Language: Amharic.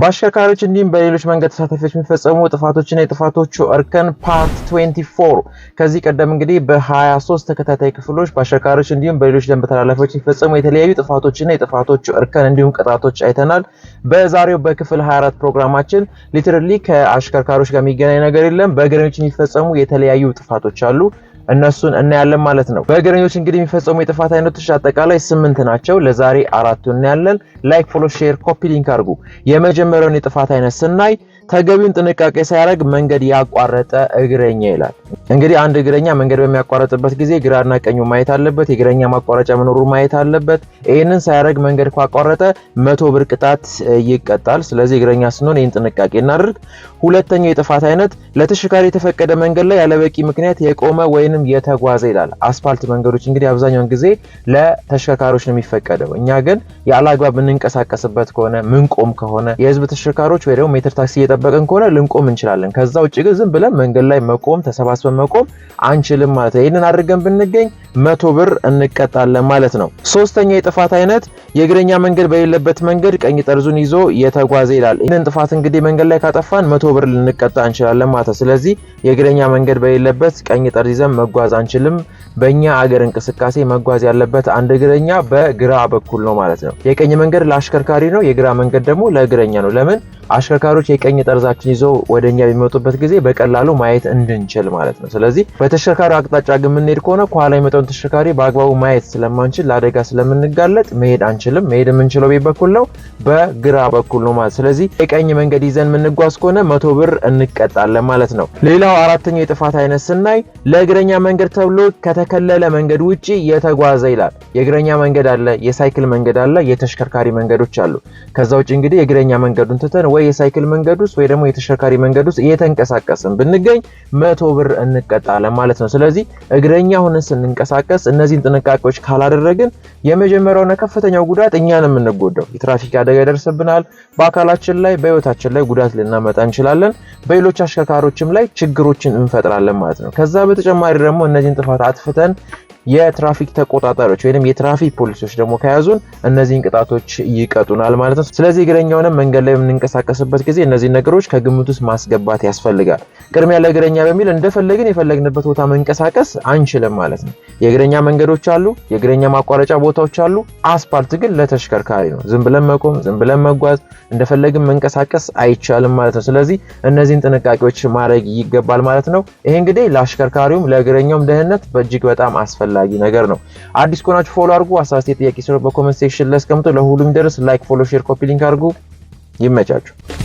በአሽከርካሪዎች እንዲሁም በሌሎች መንገድ ተሳታፊዎች የሚፈጸሙ ጥፋቶችና የጥፋቶቹ እርከን ፓርት 24 ከዚህ ቀደም እንግዲህ በ23 ተከታታይ ክፍሎች በአሽከርካሪዎች እንዲሁም በሌሎች ደንብ ተላላፊዎች የሚፈጸሙ የተለያዩ ጥፋቶችና የጥፋቶቹ እርከን እንዲሁም ቅጣቶች አይተናል። በዛሬው በክፍል 24 ፕሮግራማችን ሊትራሊ ከአሽከርካሪዎች ጋር የሚገናኝ ነገር የለም፣ በእግረኞች የሚፈጸሙ የተለያዩ ጥፋቶች አሉ። እነሱን እናያለን ማለት ነው። በእግረኞች እንግዲህ የሚፈጸሙ የጥፋት አይነቶች አጠቃላይ ስምንት ናቸው። ለዛሬ አራቱ እናያለን። ላይክ፣ ፎሎ፣ ሼር፣ ኮፒ ሊንክ አድርጉ። የመጀመሪያውን የጥፋት አይነት ስናይ ተገቢውን ጥንቃቄ ሳያደርግ መንገድ ያቋረጠ እግረኛ ይላል። እንግዲህ አንድ እግረኛ መንገድ በሚያቋረጥበት ጊዜ ግራና ቀኙ ማየት አለበት። የእግረኛ ማቋረጫ መኖሩ ማየት አለበት። ይህንን ሳያደርግ መንገድ ካቋረጠ መቶ ብር ቅጣት ይቀጣል። ስለዚህ እግረኛ ስንሆን ይህን ጥንቃቄ እናደርግ። ሁለተኛው የጥፋት አይነት ለተሽከርካሪ የተፈቀደ መንገድ ላይ ያለበቂ ምክንያት የቆመ ወይንም የተጓዘ ይላል። አስፋልት መንገዶች እንግዲህ አብዛኛውን ጊዜ ለተሽከርካሪዎች ነው የሚፈቀደው። እኛ ግን ያለአግባብ የምንንቀሳቀስበት ከሆነ ምንቆም ከሆነ የህዝብ ተሽከርካሪዎች ወይ ደግሞ ሜትር ታክሲ እየጠበቅን ከሆነ ልንቆም እንችላለን። ከዛ ውጭ ግን ዝም ብለን መንገድ ላይ መቆም ተሰባስበ መቆም አንችልም ማለት ነው። ይህንን አድርገን ብንገኝ መቶ ብር እንቀጣለን ማለት ነው። ሶስተኛ የጥፋት አይነት የእግረኛ መንገድ በሌለበት መንገድ ቀኝ ጠርዙን ይዞ የተጓዘ ይላል። ይህንን ጥፋት እንግዲህ መንገድ ላይ ካጠፋን መቶ ብር ልንቀጣ እንችላለን ማለት ነው። ስለዚህ የእግረኛ መንገድ በሌለበት ቀኝ ጠርዝ ይዘን መጓዝ አንችልም። በእኛ አገር እንቅስቃሴ መጓዝ ያለበት አንድ እግረኛ በግራ በኩል ነው ማለት ነው። የቀኝ መንገድ ለአሽከርካሪ ነው፣ የግራ መንገድ ደግሞ ለእግረኛ ነው። ለምን አሽከርካሪዎች የቀኝ ጠርዛችን ይዘው ወደኛ በሚመጡበት ጊዜ በቀላሉ ማየት እንድንችል ማለት ነው። ነው። ስለዚህ በተሽከርካሪ አቅጣጫ ግን የምንሄድ ከሆነ ከኋላ የመጣውን ተሽከርካሪ በአግባቡ ማየት ስለማንችል ለአደጋ ስለምንጋለጥ መሄድ አንችልም። መሄድ የምንችለው ቤት በኩል ነው፣ በግራ በኩል ነው ማለት ስለዚህ የቀኝ መንገድ ይዘን የምንጓዝ ከሆነ መቶ ብር እንቀጣለን ማለት ነው። ሌላው አራተኛው የጥፋት አይነት ስናይ ለእግረኛ መንገድ ተብሎ ከተከለለ መንገድ ውጭ የተጓዘ ይላል። የእግረኛ መንገድ አለ፣ የሳይክል መንገድ አለ፣ የተሽከርካሪ መንገዶች አሉ። ከዛ ውጭ እንግዲህ የእግረኛ መንገዱን ትተን ወይ የሳይክል መንገድ ውስጥ ወይ ደግሞ የተሽከርካሪ መንገድ ውስጥ እየተንቀሳቀስን ብንገኝ መቶ ብር እንቀጣለን ማለት ነው። ስለዚህ እግረኛ ሆነን ስንንቀሳቀስ እነዚህን ጥንቃቄዎች ካላደረግን የመጀመሪያውና ከፍተኛው ጉዳት እኛን የምንጎዳው የትራፊክ አደጋ ይደርስብናል። በአካላችን ላይ በህይወታችን ላይ ጉዳት ልናመጣ እንችላለን። በሌሎች አሽከርካሪዎችም ላይ ችግሮችን እንፈጥራለን ማለት ነው። ከዛ በተጨማሪ ደግሞ እነዚህን ጥፋት አጥፍተን የትራፊክ ተቆጣጣሪዎች ወይም የትራፊክ ፖሊሶች ደግሞ ከያዙን እነዚህን ቅጣቶች ይቀጡናል ማለት ነው። ስለዚህ እግረኛውንም መንገድ ላይ የምንንቀሳቀስበት ጊዜ እነዚህን ነገሮች ከግምት ውስጥ ማስገባት ያስፈልጋል። ቅድሚያ ለእግረኛ በሚል እንደፈለግን የፈለግንበት ቦታ መንቀሳቀስ አንችልም ማለት ነው። የእግረኛ መንገዶች አሉ፣ የእግረኛ ማቋረጫ ቦታዎች አሉ። አስፓልት ግን ለተሽከርካሪ ነው። ዝም ብለን መቆም፣ ዝም ብለን መጓዝ፣ እንደፈለግን መንቀሳቀስ አይቻልም ማለት ነው። ስለዚህ እነዚህን ጥንቃቄዎች ማድረግ ይገባል ማለት ነው። ይሄ እንግዲህ ለአሽከርካሪውም ለእግረኛውም ደህንነት በእጅግ በጣም አስፈላጊ አስፈላጊ ነገር ነው። አዲስ ከሆናችሁ ፎሎ አድርጉ። አሳስቴ ጥያቄ ሲኖር በኮመንት ሴክሽን ላይ አስቀምጡ። ለሁሉም ደርስ ላይክ፣ ፎሎ፣ ሼር፣ ኮፒ ሊንክ አድርጉ። ይመቻችሁ።